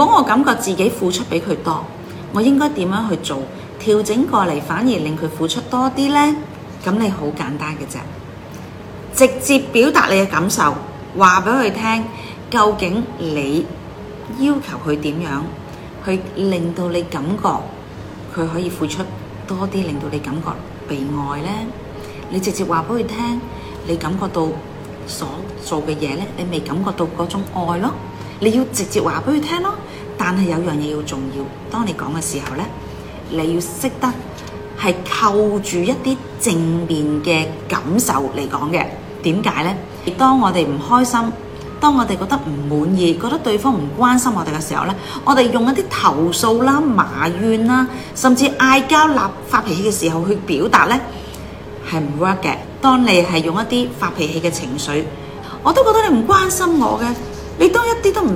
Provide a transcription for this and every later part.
如果我感覺自己付出比佢多，我應該點樣去做調整過嚟，反而令佢付出多啲呢？咁你好簡單嘅啫，直接表達你嘅感受，話俾佢聽。究竟你要求佢點樣，佢令到你感覺佢可以付出多啲，令到你感覺被愛呢，你直接話俾佢聽，你感覺到所做嘅嘢咧，你未感覺到嗰種愛咯？你要直接話俾佢聽咯，但係有樣嘢要重要。當你講嘅時候咧，你要識得係扣住一啲正面嘅感受嚟講嘅。點解咧？當我哋唔開心，當我哋覺得唔滿意，覺得對方唔關心我哋嘅時候咧，我哋用一啲投訴啦、埋怨啦，甚至嗌交、鬧發脾氣嘅時候去表達咧，係唔 work 嘅。當你係用一啲發脾氣嘅情緒，我都覺得你唔關心我嘅。你都一啲都唔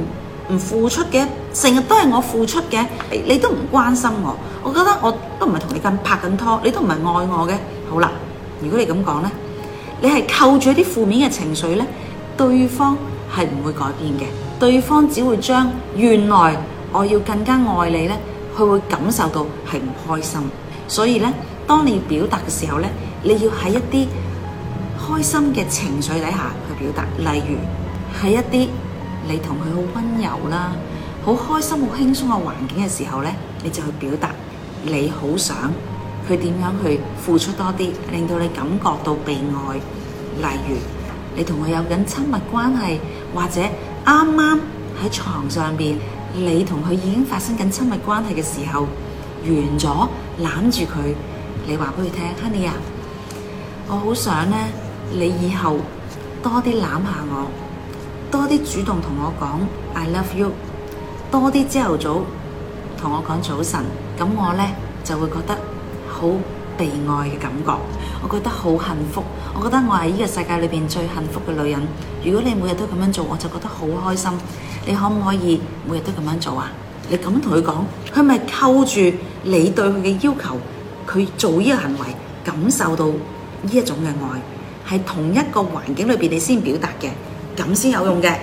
唔付出嘅，成日都係我付出嘅，你你都唔關心我。我覺得我都唔係同你咁拍緊拖，你都唔係愛我嘅。好啦，如果你咁講咧，你係扣住一啲負面嘅情緒咧，對方係唔會改變嘅。對方只會將原來我要更加愛你咧，佢會感受到係唔開心。所以咧，當你要表達嘅時候咧，你要喺一啲開心嘅情緒底下去表達，例如喺一啲。你同佢好溫柔啦，好開心、好輕鬆嘅環境嘅時候咧，你就去表達你好想佢點樣去付出多啲，令到你感覺到被愛。例如，你同佢有緊親密關係，或者啱啱喺床上邊，你同佢已經發生緊親密關係嘅時候，完咗攬住佢，你話俾佢聽，Honey 啊，我好想咧，你以後多啲攬下我。多啲主動同我講 I love you，多啲朝頭早同我講早晨，咁我呢，就會覺得好被愛嘅感覺，我覺得好幸福，我覺得我係呢個世界裏邊最幸福嘅女人。如果你每日都咁樣做，我就覺得好開心。你可唔可以每日都咁樣做啊？你咁同佢講，佢咪扣住你對佢嘅要求，佢做呢個行為，感受到呢一種嘅愛，係同一個環境裏邊你先表達嘅。咁先有用嘅。